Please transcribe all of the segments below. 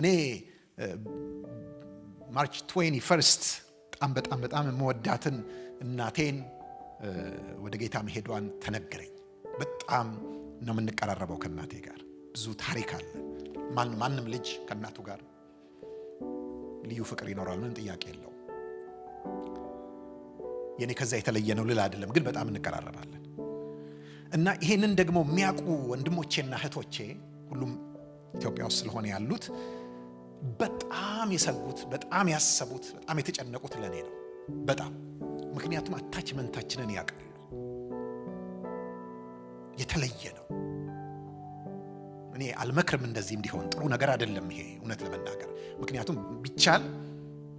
እኔ ማርች ትዌኒ ፈርስት በጣም በጣም በጣም የምወዳትን እናቴን ወደ ጌታ መሄዷን ተነገረኝ። በጣም ነው የምንቀራረበው ከእናቴ ጋር ብዙ ታሪክ አለ። ማንም ልጅ ከእናቱ ጋር ልዩ ፍቅር ይኖራል፣ ምንም ጥያቄ የለው። የኔ ከዛ የተለየ ነው ልል አይደለም፣ ግን በጣም እንቀራረባለን እና ይሄንን ደግሞ የሚያውቁ ወንድሞቼና እህቶቼ ሁሉም ኢትዮጵያ ውስጥ ስለሆነ ያሉት በጣም የሰጉት፣ በጣም ያሰቡት፣ በጣም የተጨነቁት ለእኔ ነው። በጣም ምክንያቱም አታችመንታችንን ያውቃሉ። የተለየ ነው። እኔ አልመክርም እንደዚህ እንዲሆን፣ ጥሩ ነገር አይደለም ይሄ እውነት ለመናገር ምክንያቱም ቢቻል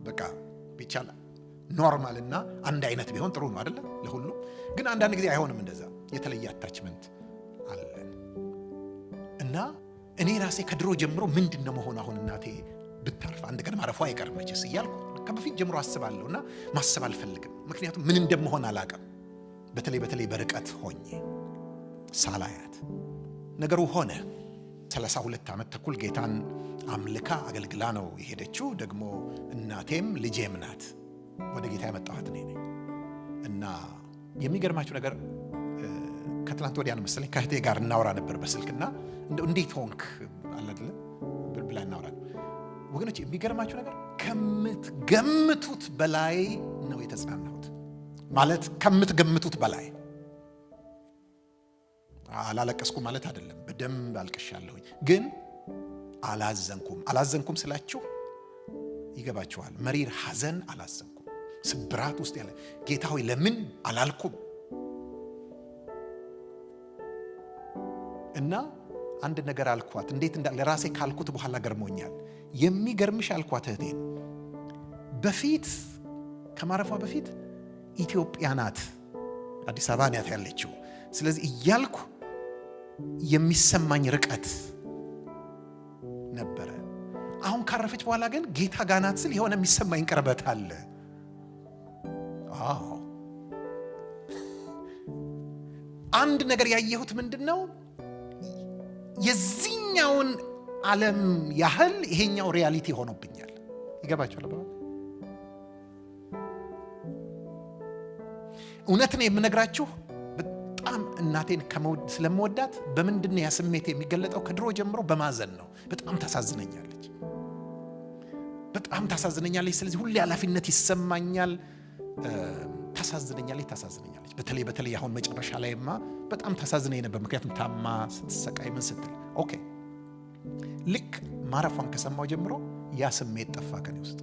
በቃ ቢቻል ኖርማል እና አንድ አይነት ቢሆን ጥሩ ነው አይደለም ለሁሉም። ግን አንዳንድ ጊዜ አይሆንም እንደዛ የተለየ አታችመንት አለን እና እኔ ራሴ ከድሮ ጀምሮ ምንድን ነው መሆን አሁን እናቴ ብታርፍ አንድ ቀን ማረፏ አይቀርም መቼስ እያልኩ ከበፊት ጀምሮ አስባለሁ እና ማሰብ አልፈልግም። ምክንያቱም ምን እንደመሆን አላውቅም። በተለይ በተለይ በርቀት ሆኜ ሳላያት ነገሩ ሆነ። 32 ሁለት ዓመት ተኩል ጌታን አምልካ አገልግላ ነው የሄደችው። ደግሞ እናቴም ልጄም ናት። ወደ ጌታ የመጣኋት እኔ ነኝ እና የሚገርማችሁ ነገር ከትላንት ወዲያ ነው መሰለኝ ከእህቴ ጋር እናወራ ነበር በስልክና እንዴት ሆንክ አላደለ ብላ እናውራል። ወገኖች የሚገርማችሁ ነገር ከምትገምቱት በላይ ነው የተጽናናሁት። ማለት ከምትገምቱት በላይ አላለቀስኩ ማለት አይደለም። በደንብ አልቅሻለሁኝ፣ ግን አላዘንኩም። አላዘንኩም ስላችሁ ይገባችኋል። መሪር ሀዘን አላዘንኩም። ስብራት ውስጥ ያለ ጌታ ሆይ ለምን አላልኩም እና አንድ ነገር አልኳት። እንዴት ለራሴ ካልኩት በኋላ ገርሞኛል። የሚገርምሽ አልኳት እህቴን በፊት ከማረፏ በፊት ኢትዮጵያ ናት አዲስ አበባ ናት ያለችው። ስለዚህ እያልኩ የሚሰማኝ ርቀት ነበረ። አሁን ካረፈች በኋላ ግን ጌታ ጋር ናት ስል የሆነ የሚሰማኝ ቅርበት አለ። አንድ ነገር ያየሁት ምንድን ነው የዚህኛውን ዓለም ያህል ይሄኛው ሪያሊቲ ሆኖብኛል። ይገባቸዋል። ነው የምነግራችሁ በጣም እናቴን ስለምወዳት በምንድን ያ ስሜት የሚገለጠው? ከድሮ ጀምሮ በማዘን ነው። በጣም ታሳዝነኛለች፣ በጣም ታሳዝነኛለች። ስለዚህ ሁሌ ኃላፊነት ይሰማኛል። ታሳዝነኛለች ታሳዝነኛለች። በተለይ በተለይ አሁን መጨረሻ ላይማ በጣም ታሳዝነኝ ነበር። ምክንያቱም ታማ ስትሰቃይ ምን ስትል ኦኬ። ልክ ማረፏን ከሰማው ጀምሮ ያ ስሜት ጠፋ ከኔ ውስጥ።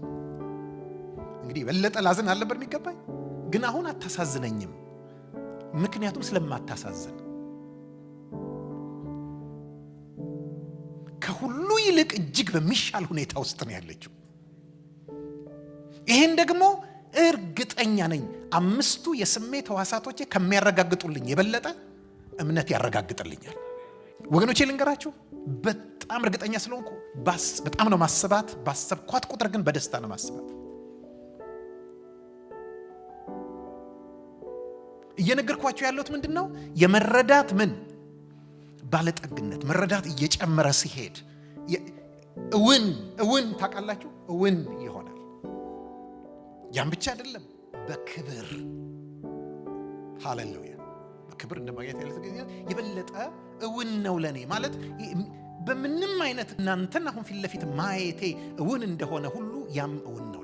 እንግዲህ የበለጠ ላዝን አልነበር የሚገባኝ፣ ግን አሁን አታሳዝነኝም፣ ምክንያቱም ስለማታሳዝን ከሁሉ ይልቅ እጅግ በሚሻል ሁኔታ ውስጥ ነው ያለችው። ይሄን ደግሞ እርግጠኛ ነኝ አምስቱ የስሜት ሕዋሳቶቼ ከሚያረጋግጡልኝ የበለጠ እምነት ያረጋግጥልኛል። ወገኖቼ ልንገራችሁ፣ በጣም እርግጠኛ ስለሆንኩ በጣም ነው ማስባት። ባሰብኳት ቁጥር ግን በደስታ ነው ማስባት። እየነገርኳቸው ያለሁት ምንድን ነው? የመረዳት ምን ባለጠግነት መረዳት እየጨመረ ሲሄድ እውን እውን ታውቃላችሁ እውን ያም ብቻ አይደለም፣ በክብር ሃሌሉያ። በክብር እንደማግኘት ያለት ጊዜ የበለጠ እውን ነው ለኔ ማለት በምንም አይነት እናንተን አሁን ፊት ለፊት ማየቴ እውን እንደሆነ ሁሉ ያም እውን ነው።